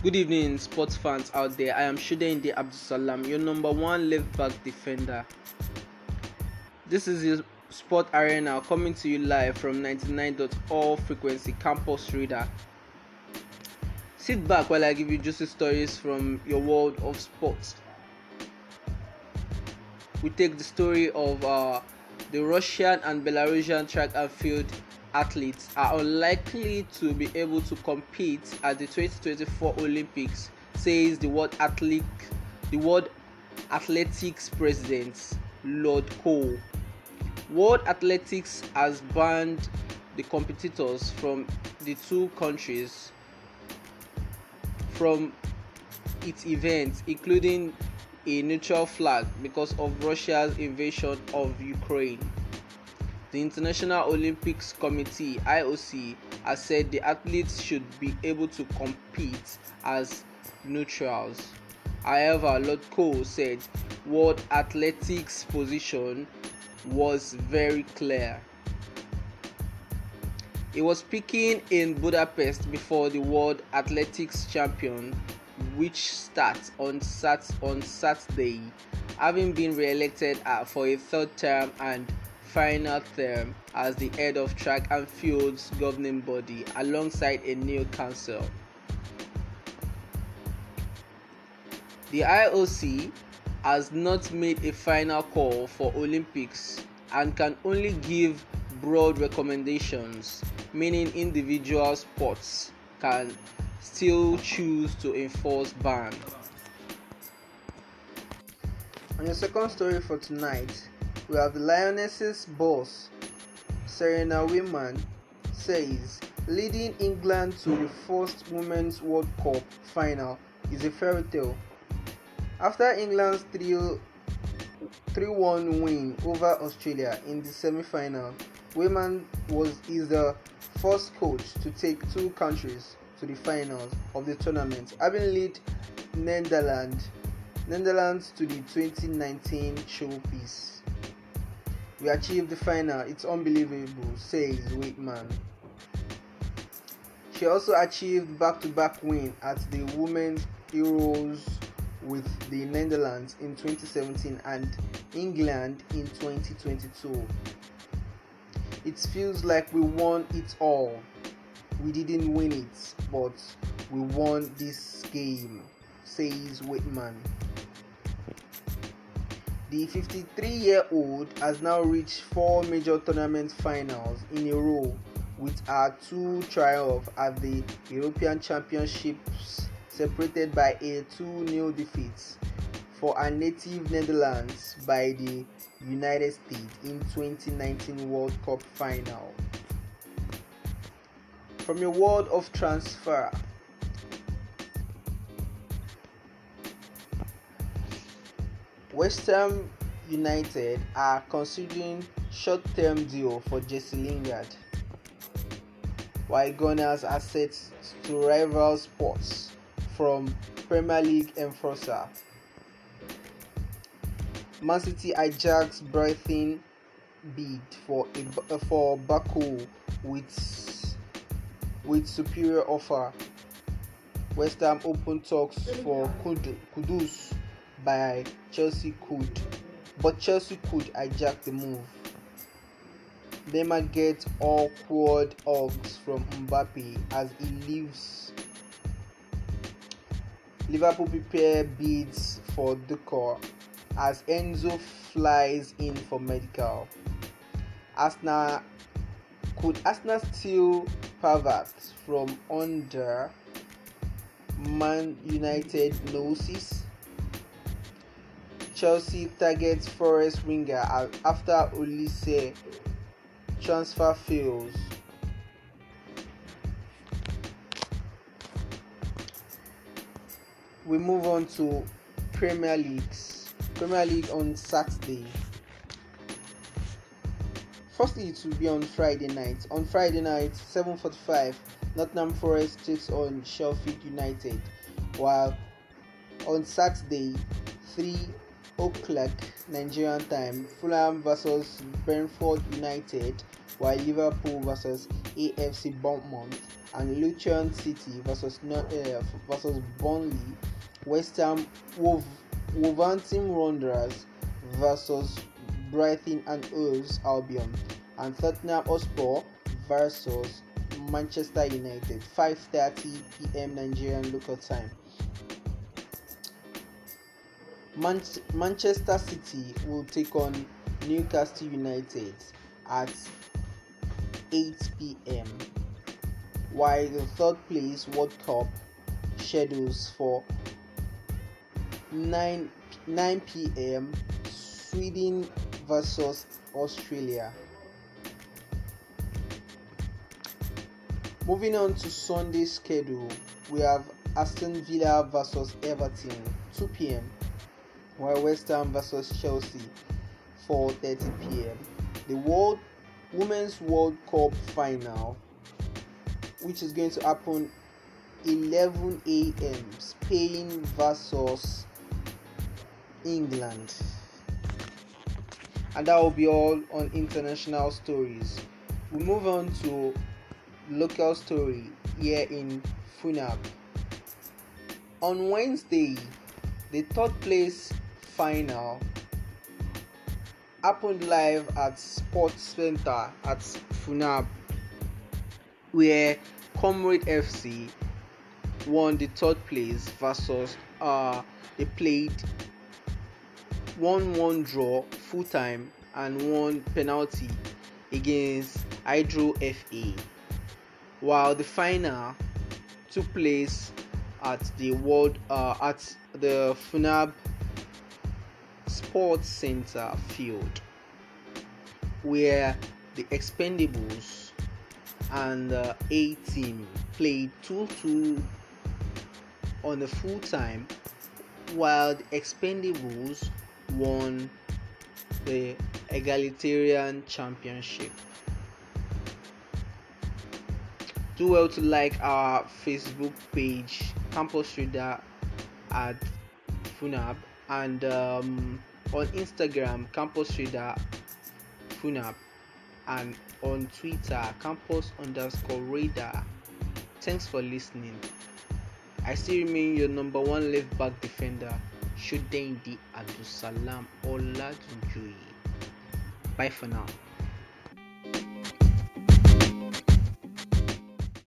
Good evening, sports fans out there. I am Abdul Abdusalam, your number one left back defender. This is your Sport Arena coming to you live from 99.all frequency campus reader. Sit back while I give you juicy stories from your world of sports. We take the story of uh, the Russian and Belarusian track and field athletes are unlikely to be able to compete at the 2024 Olympics, says the World, Athletic, the World Athletics President, Lord Cole. World Athletics has banned the competitors from the two countries from its events, including a neutral flag, because of Russia's invasion of Ukraine. The International Olympics Committee (IOC) has said the athletes should be able to compete as neutrals. However, Lord Cole said World Athletics' position was very clear. He was speaking in Budapest before the World Athletics Champion, which starts on, sat- on Saturday, having been re elected uh, for a third term and final term as the head of track and field's governing body alongside a new council. The IOC has not made a final call for Olympics and can only give broad recommendations, meaning individual sports can still choose to enforce bans. On your second story for tonight we have the Lionesses boss, Serena Wiman, says leading England to the first Women's World Cup final is a fairy tale. After England's 3 1 win over Australia in the semi final, Wiman was is the first coach to take two countries to the finals of the tournament, having led Netherlands, Netherlands to the 2019 showpiece. We achieved the final. It's unbelievable, says Whitman. She also achieved back-to-back win at the Women's Euros with the Netherlands in 2017 and England in 2022. It feels like we won it all. We didn't win it, but we won this game, says Whitman. The 53 year old has now reached four major tournament finals in a row with her two triumphs at the European Championships separated by a 2 new defeat for her native Netherlands by the United States in 2019 World Cup final. From a world of transfer West Ham United are considering short-term deal for Jesse Lingard, while Gunners are set to rival sports from Premier League enforcer. Man City Ajax Brighton bid for a, uh, for Baku with with superior offer. West Ham open talks for Kudus by Chelsea could, but Chelsea could hijack the move. Neymar gets awkward hugs from Mbappe as he leaves. Liverpool prepare bids for Ducor as Enzo flies in for medical. Asna could Asna steal Pavard from under Man United noses? Chelsea targets Forest winger after Ulisse transfer fails. We move on to Premier Leagues. Premier League on Saturday. Firstly, it will be on Friday night. On Friday night, 7:45, Nottingham Forest takes on Sheffield United, while on Saturday, 3 o'clock Nigerian time, Fulham versus Brentford United, while Liverpool versus AFC Bournemouth and Luton City versus North, eh, uh, versus Burnley, West Ham Wolverhampton Wanderers versus Brighton and Wolves Albion, and Tottenham Hotspur versus Manchester United, 5:30 p.m. Nigerian local time. Man- Manchester City will take on Newcastle United at 8 pm, while the third place World Cup schedules for 9, 9 pm Sweden versus Australia. Moving on to Sunday schedule, we have Aston Villa versus Everton 2 pm, while West Ham versus Chelsea 4:30 p.m. The World Women's World Cup final, which is going to happen 11 a.m. Spain versus England, and that will be all on international stories. We move on to local story here in Funab. On Wednesday, the third place final happened live at Sports Center at Funab, where Comrade FC won the third place versus uh, they played 1 1 draw full time and one penalty against Hydro FA, while the final took place at the world uh, at the Funab Fourth center field where the Expendables and uh, A team played 2 2 on the full time, while the Expendables won the Egalitarian Championship. Do well to like our Facebook page, Campus Reader at FUNAB, and um, on Instagram campus trader funab and on Twitter campus underscore radar. Thanks for listening. I still remain your number one left back defender, Shudendi Abdusalam Olatunjoyi. Bye for now.